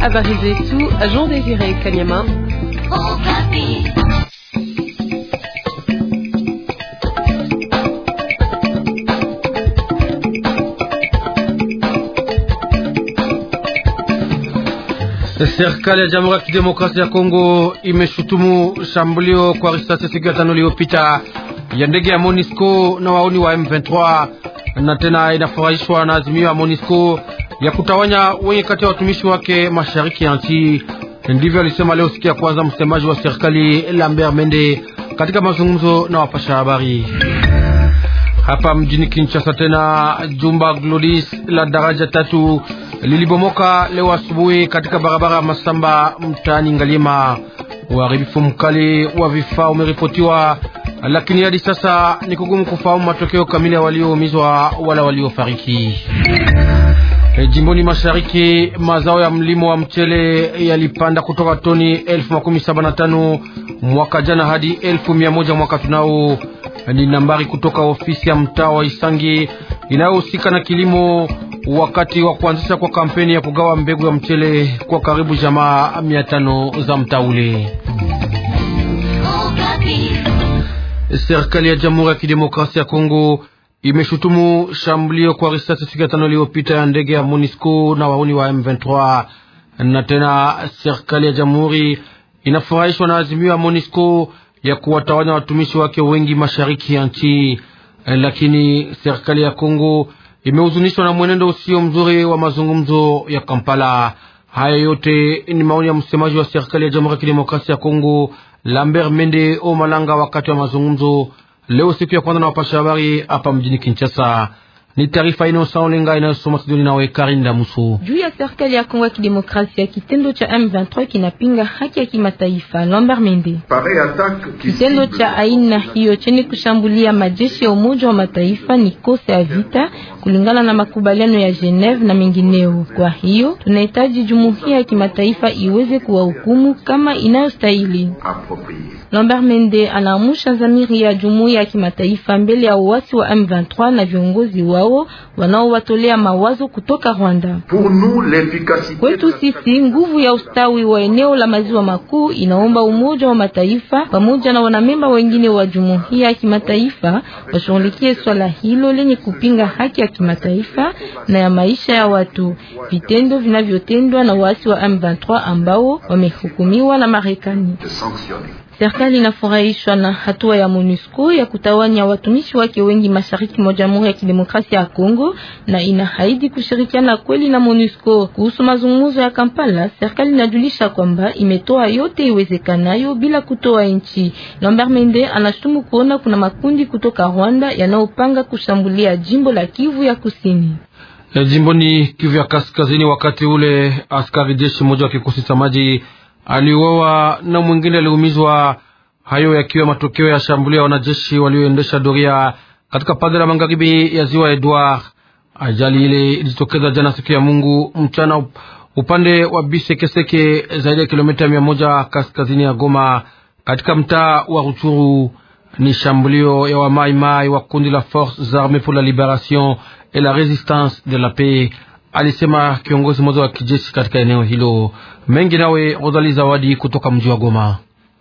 tout zetu, Jean Désiré Kanyama. Serikali ya Jamhuri ya Kidemokrasia ya Kongo imeshutumu shambulio kwa risasi siku ya tano iliyopita ya ndege ya Monisco na waoni wa M23 na tena inafurahishwa na azimio ya MONUSCO ya kutawanya wengi kati ya watumishi wake mashariki ya nchi. Ndivyo alisema leo siku ya kwanza msemaji wa serikali Lambert Mende katika mazungumzo na wapasha habari hapa mjini Kinshasa. Tena jumba Glodis la daraja tatu lilibomoka leo asubuhi katika barabara Masamba mtaani ngalima Uharibifu mkali wa vifaa umeripotiwa lakini hadi sasa ni kugumu kufahamu matokeo kamili ya walioumizwa wala waliofariki. E, jimboni mashariki, mazao ya mlimo wa mchele yalipanda kutoka toni elfu makumi saba na tano mwaka jana hadi elfu mia moja mwaka tunao. E, ni nambari kutoka ofisi ya mtaa wa Isangi inayohusika na kilimo, wakati wa kuanzisha kwa kampeni ya kugawa mbegu ya mchele kwa karibu jamaa mia tano za mtaa ule. Oh, Serikali ya Jamhuri ya Kidemokrasia ya Kongo imeshutumu shambulio kwa risasi siku ya tano iliyopita ya ndege ya MONUSCO na wauni wa M23. Na tena serikali ya jamhuri inafurahishwa na azimio ya MONUSCO ya kuwatawanya watumishi wake wengi mashariki ya nchi, lakini serikali ya Kongo imehuzunishwa na mwenendo usio mzuri wa mazungumzo ya Kampala. Haya yote ni maoni ya msemaji wa serikali ya Jamhuri ya Kidemokrasia ya Kongo Lambert Mende o Malanga wakati wa mazungumzo leo siku ya kwanza na wapasha habari hapa mjini Kinshasa. Ni taarifa ino inayosaolenga inayosoma Sidoni nawe Karinda Muso. Juu ya serikali ya Kongo ya Kidemokrasia, kitendo cha M23 kinapinga haki ya kimataifa. Lambert Mende, kitendo cha aina hiyo chenye kushambulia majeshi ya Umoja wa Mataifa ni kosa ya vita kulingana na makubaliano ya Geneve na mengineo. Kwa hiyo tunahitaji jumuiya ya kimataifa iweze kuwahukumu kama inayostahili. Lambert Mende anaamusha zamiri ya jumuiya ya kimataifa mbele ya uasi wa M23 na viongozi wao wao wanaowatolea mawazo kutoka Rwanda. Kwetu sisi, nguvu ya ustawi wa eneo la maziwa makuu inaomba Umoja wa Mataifa pamoja na wanamemba wengine wa jumuiya ya kimataifa washughulikie swala hilo lenye kupinga haki ya kimataifa na ya maisha ya watu, vitendo vinavyotendwa na waasi wa M23 ambao wamehukumiwa na Marekani. Serikali inafurahishwa na hatua ya MONUSCO ya kutawanya watumishi wake wengi mashariki mwa Jamhuri ya Kidemokrasia ya Kongo na inahaidi kushirikiana kweli na MONUSCO. Kuhusu mazungumzo ya Kampala, serikali inajulisha kwamba imetoa yote iwezekanayo bila kutoa nchi. Lambert Mende anashutumu kuona kuna makundi kutoka Rwanda yanayopanga kushambulia jimbo la Kivu ya Kusini. jimbo ni Kivu ya Kaskazini, wakati ule askari jeshi mmoja wa kikosi cha maji aliuawa na mwingine aliumizwa, hayo yakiwa matokeo ya shambulio ya wanajeshi walioendesha doria katika pande la magharibi ya ziwa Edward. Ajali ile ilijitokeza jana siku ya Mungu mchana upande wa Bisekeseke, zaidi ya kilomita mia moja kaskazini ya Goma, katika mtaa wa Ruchuru. Ni shambulio ya wamaimai wa kundi la Force Armees pour la Liberation et la Resistance de la Paix, alisema kiongozi mmoja wa kijeshi katika eneo hilo mengi nawe Rozali Zawadi kutoka mji wa Goma.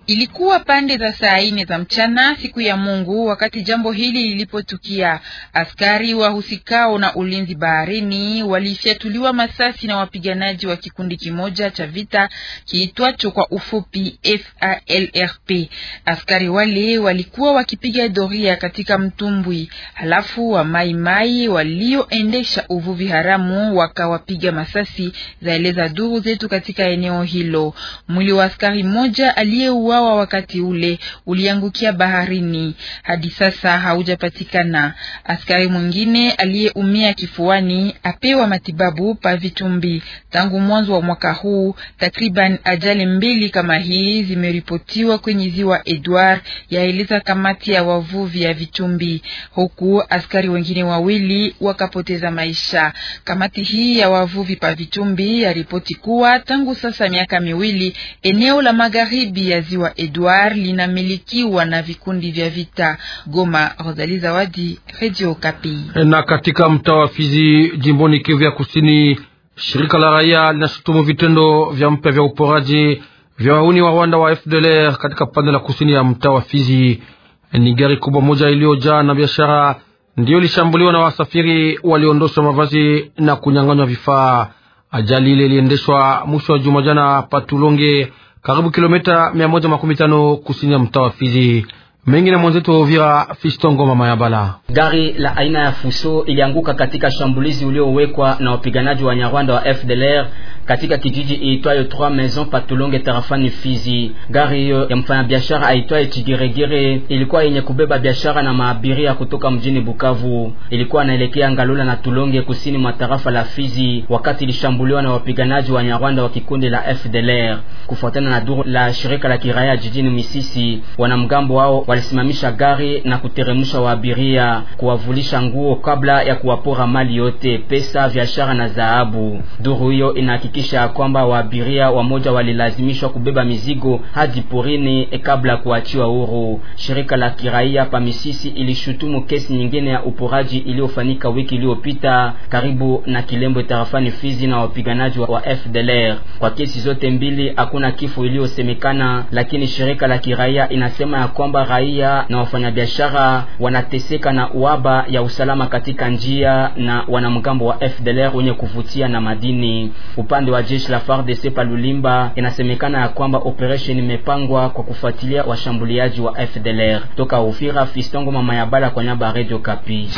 Ilikuwa pande za saa ine za mchana siku ya Mungu wakati jambo hili lilipotukia. Askari wahusikao na ulinzi baharini walifyatuliwa masasi na wapiganaji wa kikundi kimoja cha vita kiitwacho kwa ufupi FALRP. Askari wale walikuwa wakipiga doria katika mtumbwi, halafu wa maimai walioendesha uvuvi haramu wakawapiga masasi, zaeleza duru zetu katika eneo hilo. Mwili wa askari mmoja aliyeuawa uliuawa wakati ule uliangukia baharini, hadi sasa haujapatikana. Askari mwingine aliyeumia kifuani apewa matibabu pa Vitumbi. Tangu mwanzo wa mwaka huu takriban ajali mbili kama hii zimeripotiwa kwenye ziwa Edward, yaeleza kamati ya wavuvi ya Vitumbi, huku askari wengine wawili wakapoteza maisha. Kamati hii ya wavuvi pa Vitumbi yaripoti kuwa tangu sasa miaka miwili eneo la magharibi ya ziwa wa Edouard linamilikiwa na vikundi vya vita. Goma, Rosalie Zawadi, Radio Kapi. Na katika mtaa wa Fizi jimboni Kivu ya Kusini, shirika la raia linashutumu vitendo vya mpya vya uporaji vya wauni wa Rwanda wa FDLR katika pande la kusini ya mtaa wa Fizi. Ni gari kubwa moja iliyojaa na biashara ndiyo ilishambuliwa na wasafiri waliondoshwa mavazi na kunyang'anywa vifaa. Ajali ile iliendeshwa mwisho wa juma jana patulonge karibu kilomita mia moja makumi tano kusini ya mtaa wa Fizi. Mengi na mwenzetu wa Uvira Mama ya Bala. Gari la aina ya fuso ilianguka katika shambulizi uliowekwa na wapiganaji wa Nyarwanda wa FDLR katika kijiji iitwayo Trois Maisons Patulonge tarafani Fizi. Gari hiyo ya biashara aitwaye Chigiregire ilikuwa yenye kubeba biashara na maabiria kutoka mjini Bukavu, ilikuwa anaelekea Ngalula na Tulonge kusini mwa tarafa la Fizi wakati ilishambuliwa na wapiganaji wa Nyarwanda wa kikundi la FDLR. Kufuatana na duru la shirika la kiraia jijini Misisi, wanamgambo wao walisimamisha gari na kuteremsha waabiria, kuwavulisha nguo kabla ya kuwapora mali yote, pesa, biashara na dhahabu. Duru hiyo inahakikisha kuhakikisha ya kwamba waabiria wamoja walilazimishwa kubeba mizigo hadi porini e, kabla ya kuachiwa huru. Shirika la kiraia Pamisisi ilishutumu kesi nyingine ya uporaji iliyofanyika wiki iliyopita karibu na Kilembwe tarafani Fizi na wapiganaji wa FDLR. Kwa kesi zote mbili hakuna kifo iliyosemekana, lakini shirika la kiraia inasema ya kwamba raia na wafanyabiashara wanateseka na uaba ya usalama katika njia na wanamgambo wa FDLR wenye kuvutia na madini upande upande wa jeshi la FARDC Palulimba, inasemekana ya kwamba operation imepangwa kwa kufuatilia washambuliaji wa FDLR toka Ufira. Fistongo mama ya bala kwa nyaba Radio Kapi.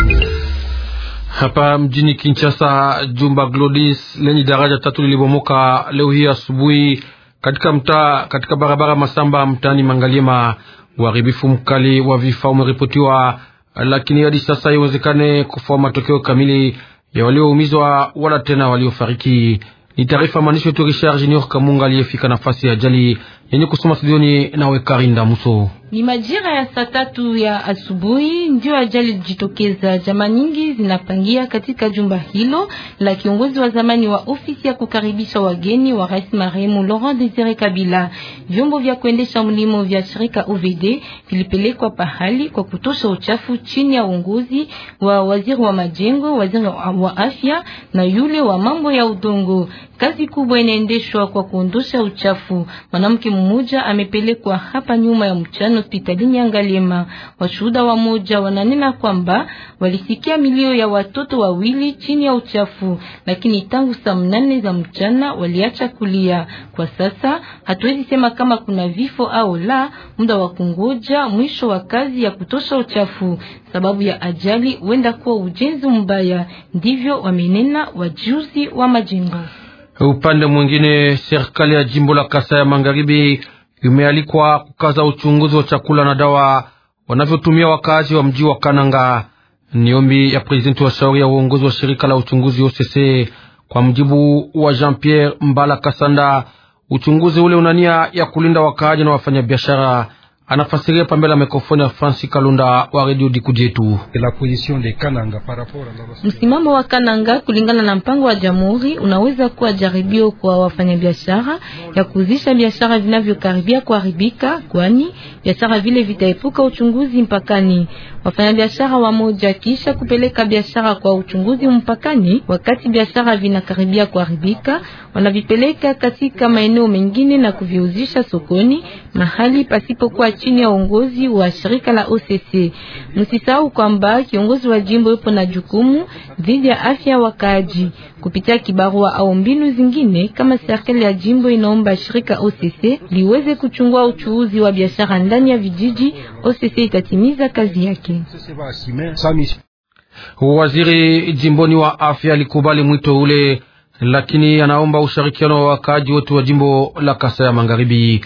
Hapa mjini Kinshasa, jumba Glodis lenye daraja tatu lilibomoka leo hii asubuhi katika mtaa katika barabara Masamba mtaani Mangaliema. Uharibifu mkali wa vifaa umeripotiwa, lakini hadi sasa iwezekane kufahamu matokeo kamili ya walioumizwa wala tena waliofariki. Ni taarifa mwandishi wetu Richard Junior Kamunga aliyefika nafasi ya ajali yenye kusoma studioni nawe Karinda Muso. Ni majira ya saa tatu ya asubuhi ndio ajali jitokeza. Jama nyingi zinapangia katika jumba hilo la kiongozi wa zamani wa ofisi ya kukaribisha wageni wa rais marehemu Laurent Desire Kabila. Vyombo vya kuendesha mlimo vya shirika OVD vilipelekwa pahali kwa kutosha uchafu chini ya uongozi wa waziri wa majengo, waziri wa afya na yule wa mambo ya udongo. Kazi kubwa inaendeshwa kwa kuondosha uchafu. Mwanamke mmoja amepelekwa hapa nyuma ya mchana hospitalini ya Ngalema. Washuhuda wa moja wananena kwamba walisikia milio ya watoto wawili chini ya uchafu, lakini tangu saa mnane za mchana waliacha kulia. Kwa sasa hatuwezi sema kama kuna vifo au la, muda wa kungoja mwisho wa kazi ya kutosha uchafu. Sababu ya ajali huenda kuwa ujenzi mbaya, ndivyo wamenena wajuzi wa majengo. Upande mwingine, serikali ya jimbo la Kasai ya Magharibi imealikwa kukaza uchunguzi wa chakula na dawa wanavyotumia wakazi wa mji wa Kananga. Ni ombi ya prezidenti wa shauri ya uongozi wa shirika la uchunguzi OCC. Kwa mjibu wa Jean Pierre Mbala Kasanda, uchunguzi ule unania ya kulinda wakaaji na wafanyabiashara anafasiria pambe la mikrofoni ya Francis Kalunda wa Radio Dikujetu. Msimamo wa Kananga kulingana na mpango wa jamhuri unaweza kuwa jaribio kwa wafanyabiashara ya kuzisha biashara vinavyokaribia kuharibika, kwani biashara vile vitaepuka uchunguzi mpakani. Wafanyabiashara wamoja kisha kupeleka biashara kwa uchunguzi mpakani, wakati biashara vinakaribia kuharibika, wanavipeleka katika maeneo mengine na kuviuzisha sokoni mahali pasipokuwa chini ya uongozi wa shirika la OCC. Msisahau kwamba kiongozi wa jimbo yupo na jukumu dhidi ya afya wakaaji kupitia kibarua au mbinu zingine. Kama serikali ya jimbo inaomba shirika OCC liweze kuchungua uchuuzi wa biashara ndani ya vijiji, OCC itatimiza kazi yake. Waziri jimboni wa afya alikubali mwito ule, lakini anaomba ushirikiano wa wakaaji wote wa jimbo la Kasai ya Magharibi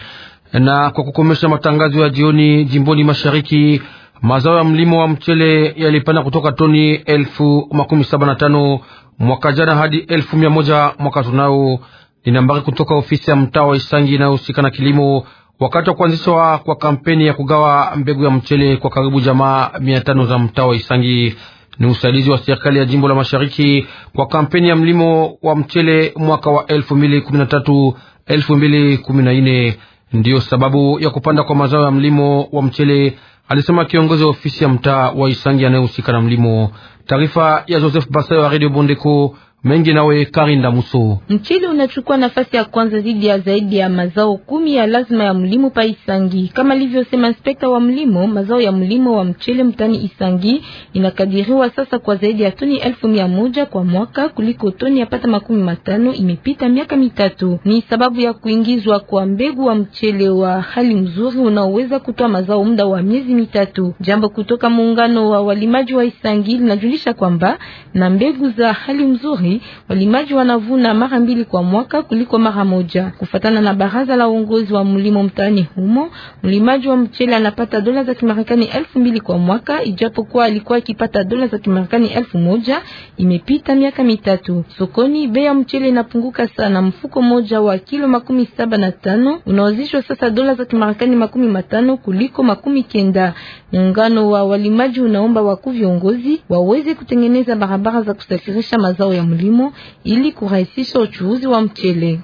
na kwa kukomesha matangazo ya jioni jimboni mashariki, mazao ya mlimo wa mchele yalipanda kutoka toni elfu makumi saba na tano mwaka jana hadi elfu mia moja mwaka tunao. Ni nambari kutoka ofisi ya mtaa wa Isangi inayohusika na kilimo wakati wa kuanzishwa kwa kampeni ya kugawa mbegu ya mchele kwa karibu jamaa mia tano za mtaa wa Isangi. Ni usaidizi wa serikali ya jimbo la mashariki kwa kampeni ya mlimo wa mchele mwaka wa elfu mbili kumi na tatu elfu mbili kumi na nne ndiyo sababu ya kupanda kwa mazao ya mlimo wa mchele, alisema kiongozi wa ofisi ya mtaa wa Isangi anayehusika na mlimo. Taarifa ya Joseph Basayo wa Radio Bondeko mengi nawe Karinda Muso. Mchele unachukua nafasi ya kwanza zidi ya zaidi ya mazao kumi ya lazima ya mlimo pa Isangi. Kama alivyosema inspekta wa mlimo, mazao ya mlimo wa mchele mtani Isangi inakadiriwa sasa kwa zaidi ya toni elfu mia moja kwa mwaka kuliko toni pata makumi matano imepita miaka mitatu. Ni sababu ya kuingizwa kwa mbegu wa mchele wa hali mzuri unaoweza kutoa mazao muda wa miezi mitatu. Jambo kutoka muungano wa walimaji wa Isangi linajulisha kwamba na mbegu za hali mzuri shambani, walimaji wanavuna mara mbili kwa mwaka kuliko mara moja. Kufatana na baraza la uongozi wa mlimo mtaani humo, mlimaji wa mchele anapata dola za Kimarekani elfu mbili kwa mwaka, ijapokuwa alikuwa akipata dola za Kimarekani elfu moja imepita miaka mitatu. Sokoni bei ya mchele inapunguka sana. Mfuko moja wa kilo makumi saba na tano unaozishwa sasa dola za Kimarekani makumi matano kuliko makumi kenda. Muungano wa walimaji unaomba wakuu viongozi waweze kutengeneza barabara za kusafirisha mazao ya mlimo kilimo ili kurahisisha uchuuzi wa mchele.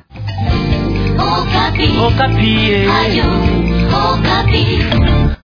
Okapi. Okapi. Ayo. Okapi.